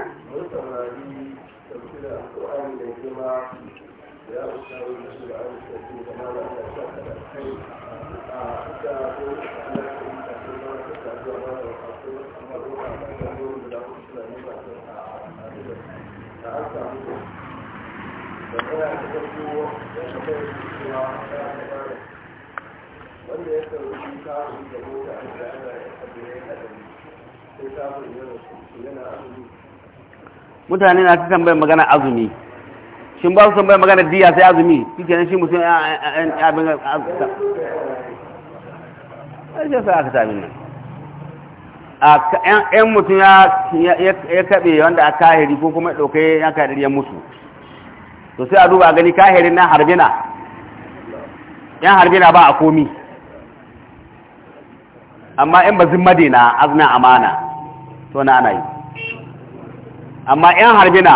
mutane na ta tambayar magana azumi shin ba su tambayar magana diya sai azumi shi nan shi musu yan abin azumi a shi sa aka tabi nan a yan mutum ya kaɓe wanda a kahiri ko kuma ɗauke ya kaɗari ya mutu to sai a duba gani kahirin nan harbina yan harbina ba a komi amma in ba madina na azna amana to na ana yi amma yan harbina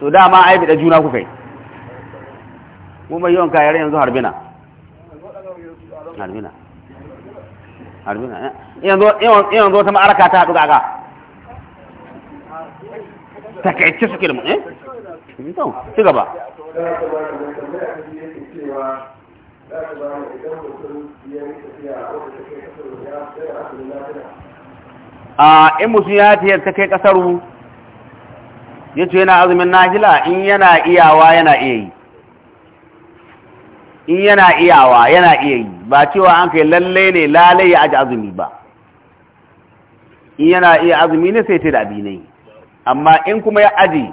to dama ai bi da juna ku yi mu mai yawan kayarin yanzu harbina harbina harbina eh. yanzu wata ma'araka ta haɗu ga ga takaice suke da mu eh to ci gaba a in mutum ya tiyar ta kai kasaru ya ce yana azumin nahila in yana iyawa yana iya yi in yana iyawa yana iya yi ba cewa an kai lalle ne lalai ya aji azumi ba in yana iya azumi ne sai ta da abinai amma in kuma ya aji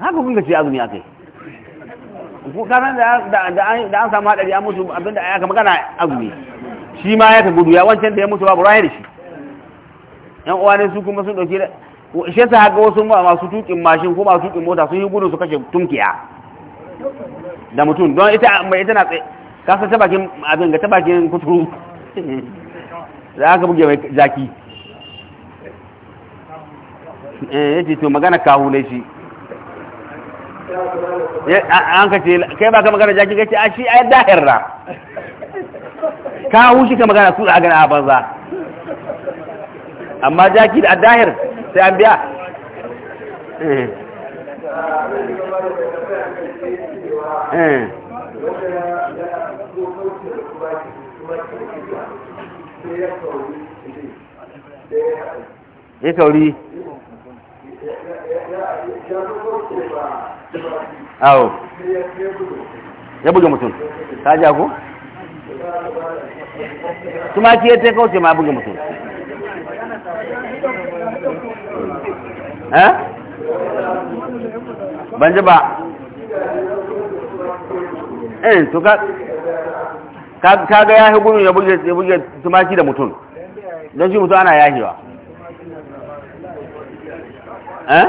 haka kun gaci azumi akai ko kasan da da an samu hadari an mutu abinda aka magana azumi shi ma ya ka gudu ya wancan da ya mutu babu rahir shi yan uwa ne su kuma sun dauke da shi yasa haka wasu masu tukin mashin ko masu tukin mota sun yi gudu su kashe tunkiya da mutum don ita mai na tsaye kasa ta bakin abin ga ta bakin kuturu za ka buge mai zaki eh yace to magana kawo ne shi an ka ce kai ba ka magana jaki gaci a shi a yadda ka hushi ka magana su a gana a banza amma jaki da dahir sai an biya eh. Eh. ya kauri awo ya buga mutum ta ja ko tumaki ya ta ce ma buga mutum eh ban ji ba eh to ka ga ya hukunu ya buge ya buge tumaki da mutum don shi mutum ana yahiwa eh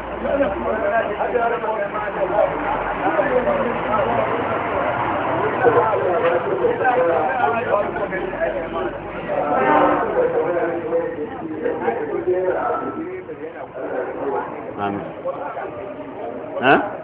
Amin. Ha?